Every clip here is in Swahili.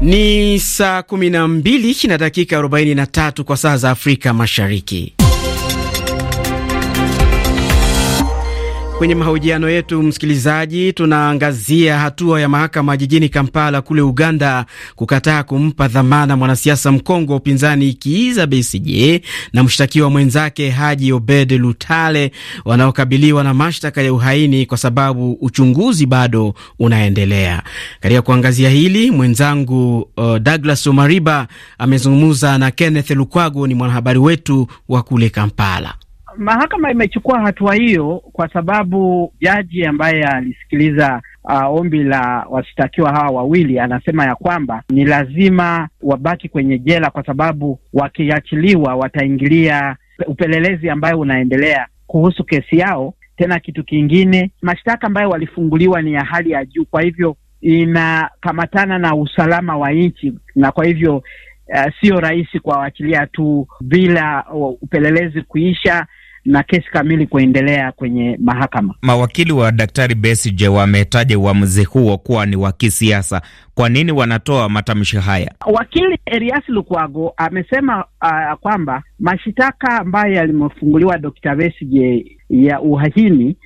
Ni saa 12 na dakika 43 kwa saa za Afrika Mashariki. Kwenye mahojiano yetu msikilizaji, tunaangazia hatua ya mahakama jijini Kampala kule Uganda kukataa kumpa dhamana mwanasiasa mkongwe wa upinzani Kiiza Besigye na mshtakiwa mwenzake Haji Obed Lutale wanaokabiliwa na mashtaka ya uhaini kwa sababu uchunguzi bado unaendelea. Katika kuangazia hili, mwenzangu uh, Douglas Omariba amezungumza na Kenneth Lukwago, ni mwanahabari wetu wa kule Kampala mahakama imechukua hatua hiyo kwa sababu jaji ambaye alisikiliza uh, ombi la washtakiwa hawa wawili anasema ya kwamba ni lazima wabaki kwenye jela kwa sababu wakiachiliwa wataingilia upelelezi ambayo unaendelea kuhusu kesi yao. Tena kitu kingine, mashtaka ambayo walifunguliwa ni ya hali ya juu, kwa hivyo inakamatana na usalama wa nchi, na kwa hivyo uh, sio rahisi kuwaachilia tu bila uh, upelelezi kuisha na kesi kamili kuendelea kwenye mahakama. Mawakili wa Daktari Besije wametaja uamuzi huo kuwa ni wa kisiasa. Kwa nini wanatoa matamshi haya? Wakili Elias Lukwago amesema uh, kwamba mashitaka ambayo yalimefunguliwa Daktari Besije ya uhaini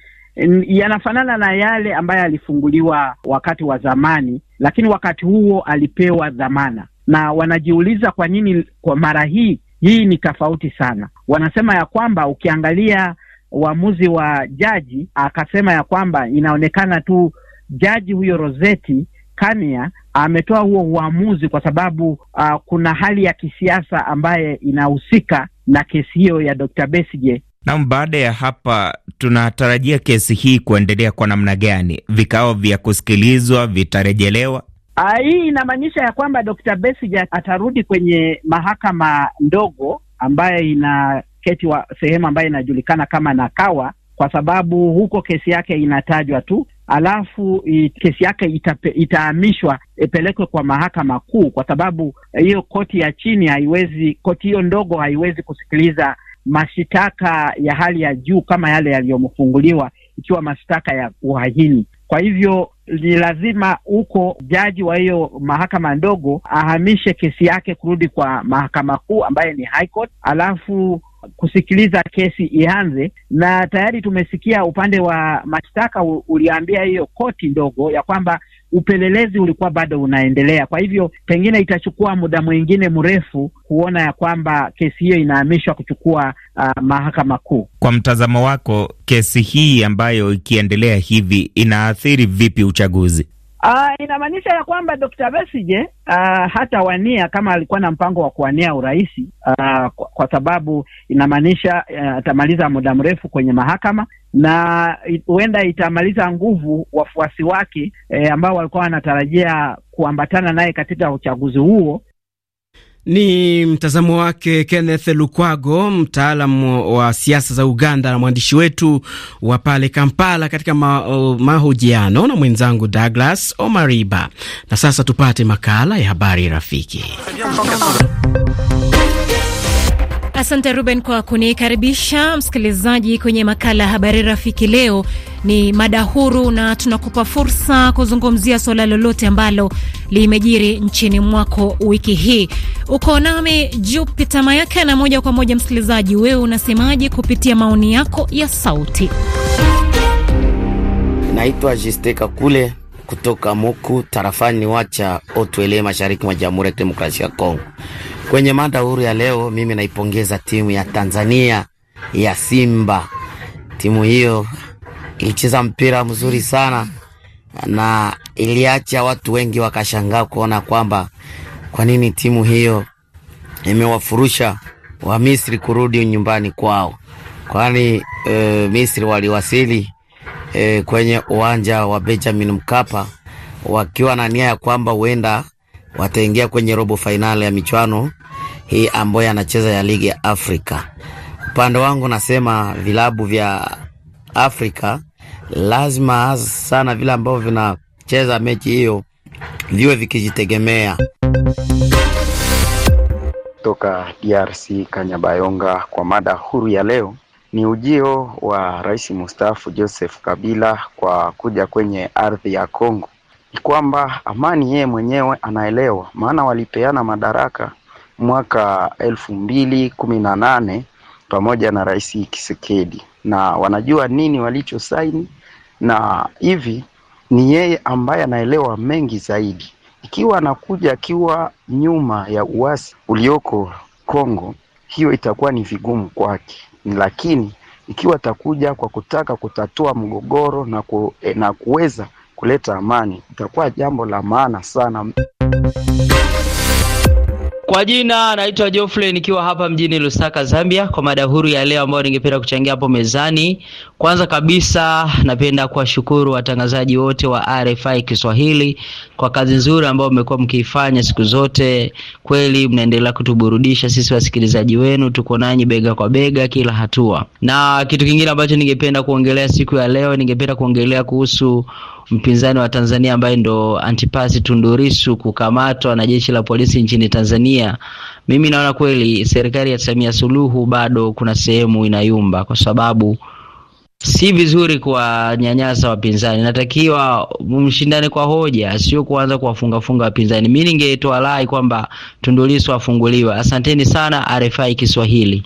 yanafanana na yale ambayo alifunguliwa wakati wa zamani, lakini wakati huo alipewa dhamana, na wanajiuliza kwa nini kwa mara hii hii ni tofauti sana. Wanasema ya kwamba ukiangalia uamuzi wa jaji, akasema ya kwamba inaonekana tu jaji huyo Rosetti Kania ametoa huo uamuzi kwa sababu uh, kuna hali ya kisiasa ambaye inahusika na kesi hiyo ya Dr. Besigye. Naam, baada ya hapa tunatarajia kesi hii kuendelea kwa namna gani? Vikao vya kusikilizwa vitarejelewa? Ah, hii inamaanisha ya kwamba Dr. Besigye atarudi kwenye mahakama ndogo ambayo keti wa sehemu ambayo inajulikana kama Nakawa kwa sababu huko kesi yake inatajwa tu, alafu kesi yake itahamishwa ipelekwe kwa mahakama kuu, kwa sababu hiyo koti ya chini haiwezi, koti hiyo ndogo haiwezi kusikiliza mashitaka ya hali ya juu kama yale yaliyomfunguliwa ikiwa mashtaka ya uhaini. Kwa hivyo ni lazima huko jaji wa hiyo mahakama ndogo ahamishe kesi yake kurudi kwa mahakama kuu ambaye ni High Court, alafu kusikiliza kesi ianze. Na tayari tumesikia upande wa mashtaka uliambia hiyo koti ndogo ya kwamba upelelezi ulikuwa bado unaendelea. Kwa hivyo pengine itachukua muda mwingine mrefu kuona ya kwamba kesi hiyo inahamishwa kuchukua uh, mahakama kuu. Kwa mtazamo wako, kesi hii ambayo ikiendelea hivi inaathiri vipi uchaguzi? Uh, inamaanisha ya kwamba Dr. vesije uh, wania kama alikuwa na mpango wa kuwania urais uh, kwa sababu inamaanisha eh, atamaliza muda mrefu kwenye mahakama na huenda itamaliza nguvu wafuasi wake eh, ambao walikuwa wanatarajia kuambatana naye katika uchaguzi huo ni mtazamo wake Kenneth Lukwago, mtaalam wa siasa za Uganda na mwandishi wetu wa pale Kampala, katika ma, mahojiano na mwenzangu Douglas Omariba. Na sasa tupate makala ya habari rafiki Asante Ruben kwa kunikaribisha msikilizaji kwenye makala ya habari rafiki. Leo ni mada huru na tunakupa fursa kuzungumzia suala lolote ambalo limejiri nchini mwako wiki hii. Uko nami Jupita Mayaka na moja kwa moja, msikilizaji, wewe unasemaje kupitia maoni yako ya sauti? Naitwa Jisteka Kule kutoka Moku tarafani Wacha Otwele, mashariki mwa Jamhuri ya Kidemokrasia ya Kongo. Kwenye mada huru ya leo, mimi naipongeza timu ya Tanzania ya Simba. Timu hiyo ilicheza mpira mzuri sana na iliacha watu wengi wakashangaa kuona kwamba kwa nini timu hiyo imewafurusha wa Misri kurudi nyumbani kwao, kwani e, Misri waliwasili e, kwenye uwanja wa Benjamin Mkapa wakiwa na nia ya kwamba huenda wataingia kwenye robo fainali ya michuano hii ambayo anacheza ya ligi ya Afrika. Upande wangu nasema vilabu vya Afrika lazima sana vile ambavyo vinacheza mechi hiyo viwe vikijitegemea. Toka DRC Kanyabayonga kwa mada huru ya leo. Ni ujio wa Rais Mstaafu Joseph Kabila kwa kuja kwenye ardhi ya Kongo ni kwamba amani yeye mwenyewe anaelewa, maana walipeana madaraka mwaka elfu mbili kumi na nane pamoja na Rais Kisekedi na wanajua nini walichosaini, na hivi ni yeye ambaye anaelewa mengi zaidi, ikiwa anakuja akiwa nyuma ya uasi ulioko Kongo hiyo itakuwa ni vigumu kwake, lakini ikiwa atakuja kwa kutaka kutatua mgogoro na, ku, eh, na kuweza kuleta amani itakuwa jambo la maana sana. Kwa jina naitwa Geoffrey nikiwa hapa mjini Lusaka, Zambia, kwa mada huru ya leo ambayo ningependa kuchangia hapo mezani. Kwanza kabisa, napenda kuwashukuru watangazaji wote wa RFI Kiswahili kwa kazi nzuri ambayo mmekuwa mkiifanya siku zote. Kweli mnaendelea kutuburudisha sisi wasikilizaji wenu, tuko nanyi bega kwa bega kila hatua. Na kitu kingine ambacho ningependa kuongelea siku ya leo, ningependa kuongelea kuhusu mpinzani wa Tanzania ambaye ndo Antipasi Tundurisu kukamatwa na jeshi la polisi nchini Tanzania, mimi naona kweli serikali ya Samia Suluhu bado kuna sehemu inayumba, kwa sababu si vizuri kuwanyanyasa wapinzani. Natakiwa mshindane kwa hoja, sio kuanza kuwafungafunga wapinzani. Mi ningetoa rai kwamba Tundulisu afunguliwe. Asanteni sana RFI Kiswahili.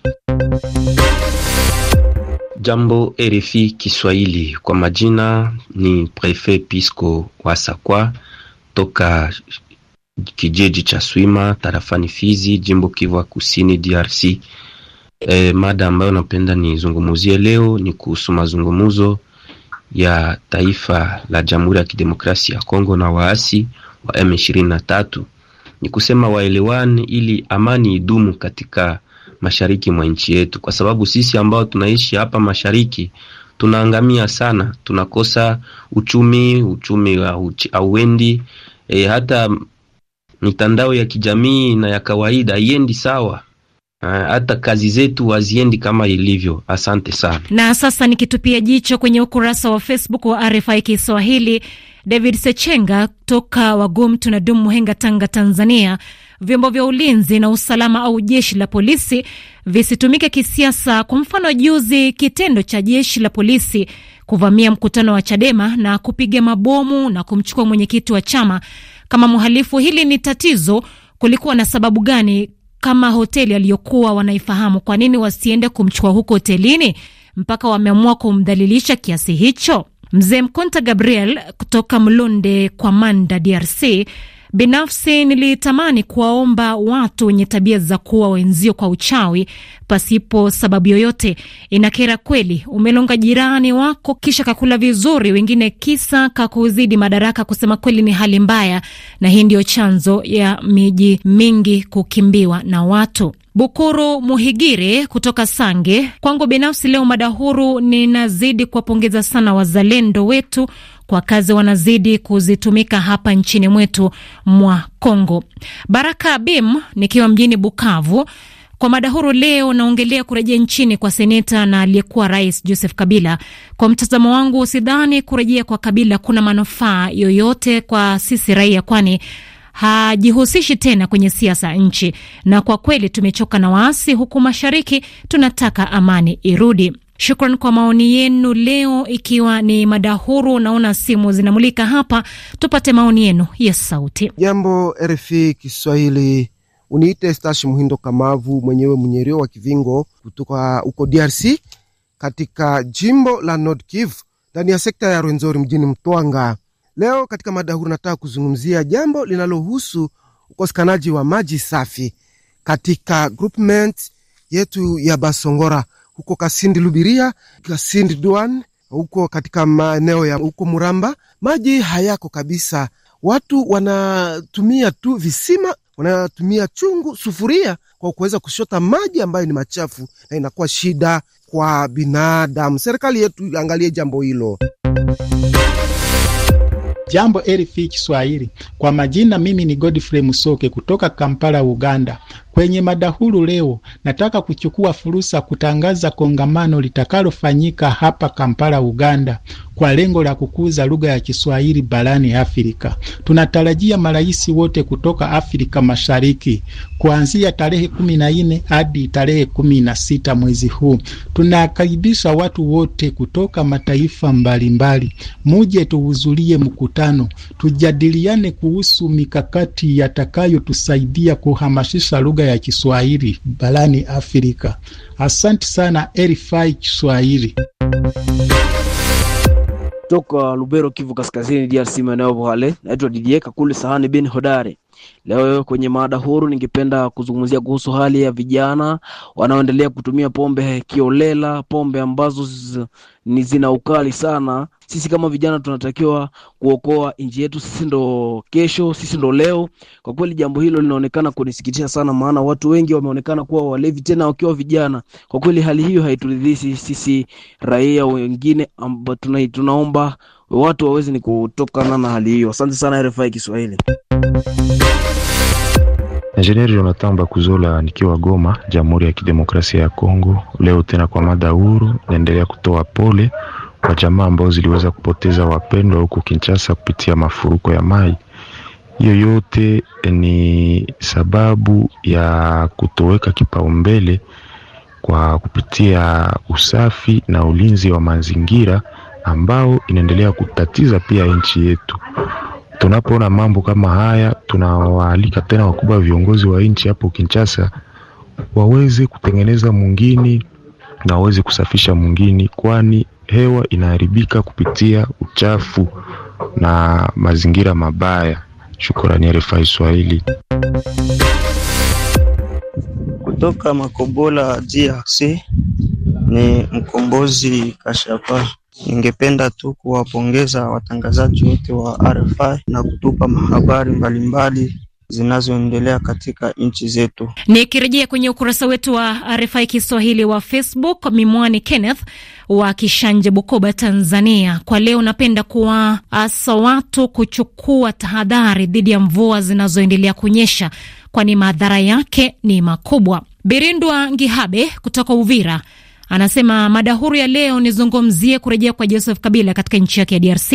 Jambo RFI Kiswahili, kwa majina ni Prefet Pisco Wasakwa toka kijiji cha Swima tarafani Fizi, jimbo Kivu Kusini, DRC. E, mada ambayo napenda nizungumuzie leo ni kuhusu mazungumuzo ya taifa la Jamhuri ya Kidemokrasia ya Kongo na waasi wa M23. Ni kusema waelewane ili amani idumu katika mashariki mwa nchi yetu, kwa sababu sisi ambao tunaishi hapa mashariki tunaangamia sana, tunakosa uchumi, uchumi hauendi. E, hata mitandao ya kijamii na ya kawaida haiendi sawa e, hata kazi zetu haziendi kama ilivyo. Asante sana. Na sasa nikitupia jicho kwenye ukurasa wa Facebook wa RFI Kiswahili, David Sechenga toka Wagum Tunadum, Muhenga, Tanga, Tanzania vyombo vya ulinzi na usalama au jeshi la polisi visitumike kisiasa. Kwa mfano, juzi kitendo cha jeshi la polisi kuvamia mkutano wa Chadema na kupiga mabomu na kumchukua mwenyekiti wa chama kama mhalifu, hili ni tatizo. Kulikuwa na sababu gani? Kama hoteli aliyokuwa wanaifahamu, kwa nini wasiende kumchukua huko hotelini mpaka wameamua kumdhalilisha kiasi hicho? Mzee Mkonta Gabriel kutoka Mlonde kwa Manda, DRC Binafsi nilitamani kuwaomba watu wenye tabia za kuwa wenzio kwa uchawi pasipo sababu yoyote. Inakera kweli, umelonga jirani wako kisha kakula vizuri, wengine kisa kakuzidi madaraka. Kusema kweli, ni hali mbaya, na hii ndiyo chanzo ya miji mingi kukimbiwa na watu. Bukuru Muhigire kutoka Sange. Kwangu binafsi leo mada huru, ninazidi kuwapongeza sana wazalendo wetu kwa kazi wanazidi kuzitumika hapa nchini mwetu mwa Kongo. Baraka Bim nikiwa mjini Bukavu. Kwa mada huru leo naongelea kurejea nchini kwa seneta na aliyekuwa rais Joseph Kabila. Kwa mtazamo wangu, sidhani kurejea kwa Kabila kuna manufaa yoyote kwa sisi raia, kwani hajihusishi tena kwenye siasa nchi, na kwa kweli tumechoka na waasi huku mashariki, tunataka amani irudi. Shukran kwa maoni yenu leo, ikiwa ni mada huru. Naona simu zinamulika hapa, tupate maoni yenu ya yes, sauti. Jambo RFI Kiswahili, uniite Stash Muhindo Kamavu, mwenyewe mwenyerio wa Kivingo kutoka huko DRC, katika jimbo la Nord Kivu ndani ya sekta ya Rwenzori mjini Mtwanga. Leo katika mada huru nataka kuzungumzia jambo linalohusu ukosekanaji wa maji safi katika groupment yetu ya Basongora huko Kasindi Lubiria, Kasindi Duan, huko katika maeneo ya huko Muramba, maji hayako kabisa. Watu wanatumia tu visima, wanatumia chungu, sufuria kwa kuweza kushota maji ambayo ni machafu, na inakuwa shida kwa binadamu. Serikali yetu iangalie jambo hilo. Jambo RFI Kiswahili, kwa majina mimi ni Godfrey Musoke kutoka Kampala, Uganda. Kwenye madahulu leo, nataka kuchukua fursa kutangaza kongamano litakalofanyika hapa Kampala, Uganda, kwa lengo la kukuza lugha ya Kiswahili barani Afrika. Tunatarajia marais wote kutoka Afrika Mashariki kuanzia tarehe kumi na nne hadi tarehe kumi na sita mwezi huu. Tunakaribisha watu wote kutoka mataifa mbalimbali, muje tuhudhurie mkutano, tujadiliane kuhusu mikakati yatakayotusaidia kuhamasisha lugha lugha ya Kiswahili barani Afrika. Asante sana RFI Kiswahili. Toka Lubero, Kivu Kaskazini, DRC, maeneo Buhale. Naitwa Didier Kakule Sahani bin Hodari. Leo kwenye mada huru, ningependa kuzungumzia kuhusu hali ya vijana wanaoendelea kutumia pombe kiolela, pombe ambazo ni zina ukali sana. Sisi kama vijana tunatakiwa kuokoa nchi yetu, sisi ndo kesho, sisi ndo leo. Kwa kweli jambo hilo linaonekana kunisikitisha sana, maana watu wengi wameonekana kuwa walevi tena wakiwa vijana. Kwa kweli hali hiyo haituridhishi sisi raia wengine, ambao tuna, tunaomba watu waweze ni kutokana na hali hiyo. Asante sana RFI Kiswahili. Engineer Jonathan Bakuzola nikiwa Goma, Jamhuri ya Kidemokrasia ya Kongo. Leo tena kwa mada huru, naendelea kutoa pole kwa jamaa ambao ziliweza kupoteza wapendwa huko Kinshasa kupitia mafuriko ya maji. Hiyo yote ni sababu ya kutoweka kipaumbele kwa kupitia usafi na ulinzi wa mazingira ambao inaendelea kutatiza pia nchi yetu. Tunapoona mambo kama haya, tunawaalika tena wakubwa viongozi wa nchi hapo Kinshasa waweze kutengeneza mungini na waweze kusafisha mungini, kwani hewa inaharibika kupitia uchafu na mazingira mabaya. Shukrani RFI Kiswahili kutoka Makobola DRC ni mkombozi Kashapa. Ningependa tu kuwapongeza watangazaji wote wa RFI na kutupa habari mbalimbali zinazoendelea katika nchi zetu. Nikirejea kwenye ukurasa wetu wa RFI Kiswahili wa Facebook, Mimwani Kenneth wa Kishanje, Bukoba, Tanzania. Kwa leo napenda kuwaasa watu kuchukua tahadhari dhidi ya mvua zinazoendelea kunyesha, kwani madhara yake ni makubwa. Birindwa Ngihabe kutoka Uvira Anasema mada huru ya leo nizungumzie kurejea kwa Joseph Kabila katika nchi yake ya DRC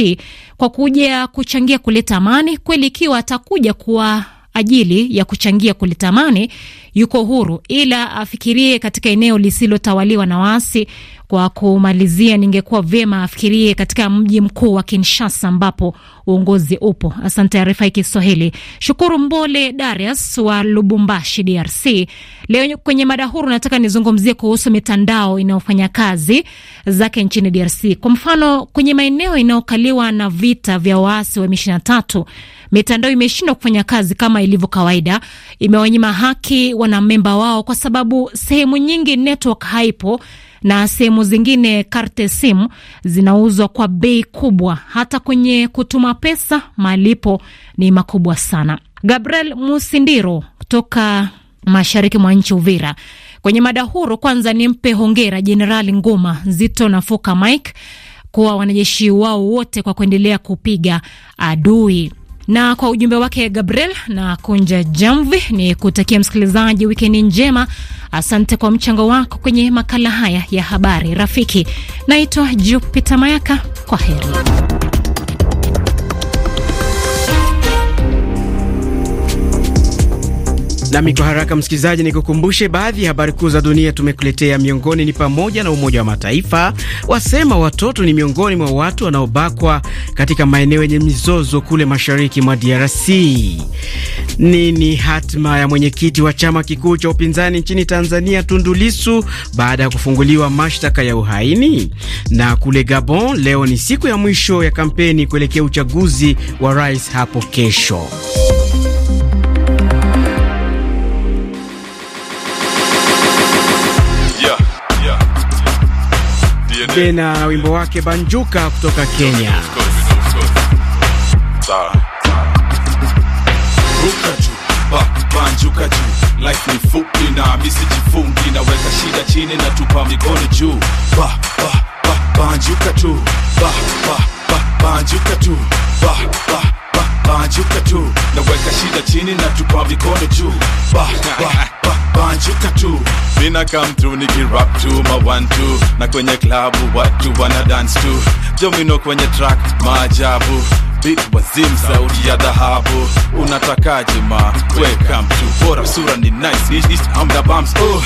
kwa kuja kuchangia kuleta amani. Kweli ikiwa atakuja kuwa ajili ya kuchangia kuleta amani, yuko huru, ila afikirie katika eneo lisilotawaliwa na waasi, kwa kumalizia, ningekuwa vyema afikirie katika mji mkuu wa Kinshasa ambapo uongozi upo. Asante arifa ya Kiswahili. Shukuru Mbole Darius wa Lubumbashi, DRC. Leo kwenye mada huru nataka nizungumzie kuhusu mitandao inayofanya kazi zake nchini DRC. Kwa mfano, kwenye maeneo inayokaliwa na vita vya waasi wa M23, mitandao imeshindwa kufanya kazi kama ilivyo kawaida. Imewanyima haki wanamemba wao kwa sababu sehemu nyingi network haipo na sehemu zingine karte simu zinauzwa kwa bei kubwa, hata kwenye kutuma pesa malipo ni makubwa sana. Gabriel Musindiro kutoka mashariki mwa nchi Uvira. Kwenye mada huru, kwanza nimpe hongera Jenerali Nguma Zito na Foka Mike kuwa wanajeshi wao wote kwa kuendelea kupiga adui na kwa ujumbe wake Gabriel na kunja jamvi, ni kutakia msikilizaji wikendi njema. Asante kwa mchango wako kwenye makala haya ya habari rafiki. Naitwa Jupita Mayaka, kwa heri. Nami kwa haraka msikilizaji, kukumbushe baadhi ya habari kuu za dunia tumekuletea. Miongoni ni pamoja na Umoja wa Mataifa wasema watoto ni miongoni mwa watu wanaobakwa katika maeneo yenye mizozo kule mashariki mwa DRC. Nini hatima ya mwenyekiti wa chama kikuu cha upinzani nchini Tanzania Tundu baada ya kufunguliwa mashtaka ya uhaini? Na kule Gabon leo ni siku ya mwisho ya kampeni kuelekea uchaguzi wa rais hapo kesho. Kike na wimbo wake Banjuka kutoka Kenya. Banjuka juu, life ni fupi na misi jifungi, shida chini na tupa mikono juu. Ba, ba, ba, banjuka tu ba, ba, ba, banjuka tu ba, ba, ba, banjuka tu shida chini na tupa mikono juu. Ba, ba, ba, banjuka tu mina come through to tu one two na kwenye klabu watu wana dance tu jomino kwenye track maajabu bit wazim sauti ya dhahabu unatakaje ma welcome to bora sura ni nice ish, i'm the bumps oh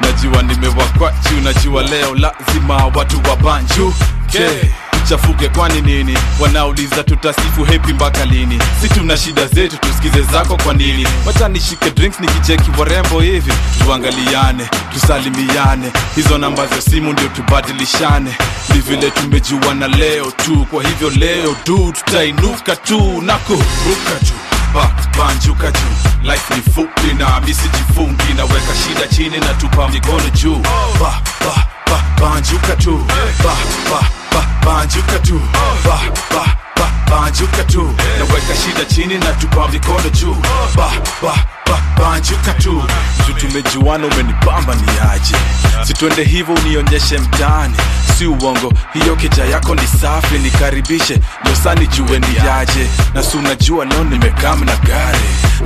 najua nimewakwachu najua leo lazima watu wabanju okay tuchafuke kwani nini? Wanauliza tutasifu hepi mpaka lini? Si tuna shida zetu, tusikize zako kwa nini? Wacha nishike drinks nikicheki warembo hivi, tuangaliane, tusalimiane, hizo namba za simu ndio tubadilishane. Ni vile tumejuana leo tu, kwa hivyo leo du tutainuka tu na kuruka juu banjuka juu life ni fupi na misijifungi naweka shida chini na tupa mikono juu ba, ba, ba, banjuka juu ba, ba, banjuka tu ba, ba, ba, banjuka tu naweka shida chini na tupa mikono juu ba, ba, ba, banjuka tu tumejuana, umenipamba ni aje? Situende hivyo, unionyeshe mtaani, si uongo. Hiyo keja yako ni safi, nikaribishe nyosani, jue ni aje. Na si unajua leo nimekam na gari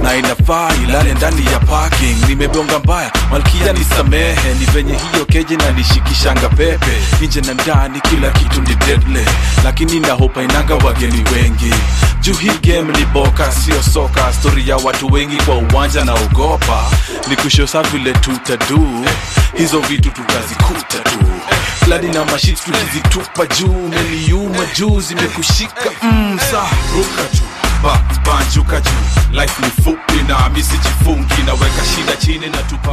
na inafaa ilale ndani ya parking, nimebonga mbaya, malkia nisamehe. Ni venye hiyo keje na nishikishanga pepe, nje na ndani, kila kitu ni deadly, lakini nahopa inanga wageni wengi juu hii game ni boka, sio soka. Stori ya watu wengi kwa uwanja na ogopa, ni kushosa vile tutadu hizo vitu tutazikuta tu fladi na mashit tulizitupa juu, meliuma juu, zimekushika mm, ruka tu banjuka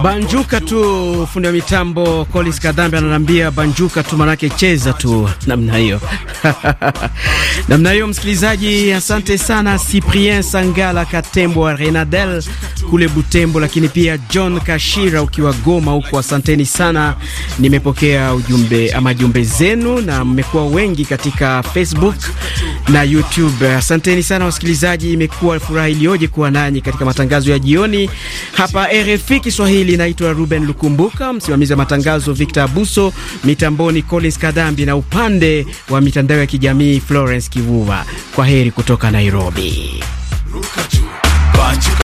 banjuka tu. Fundi wa mitambo Collins Kadhambi ananiambia banjuka tu, manake cheza tu namna hiyo namna hiyo. Msikilizaji, asante sana Cyprien Sangala Katembo wa Renadel kule Butembo, lakini pia John Kashira ukiwa Goma huko, asanteni sana. Nimepokea ujumbe ama jumbe zenu na mmekuwa wengi katika Facebook na YouTube. Asanteni sana wasikilizaji msikilizaji, imekuwa furaha iliyoje kuwa nanyi katika matangazo ya jioni hapa RFI Kiswahili. Naitwa Ruben Lukumbuka, msimamizi wa matangazo Victor Abuso, mitamboni Collins Kadambi na upande wa mitandao ya kijamii Florence Kivuva. Kwa heri kutoka Nairobi.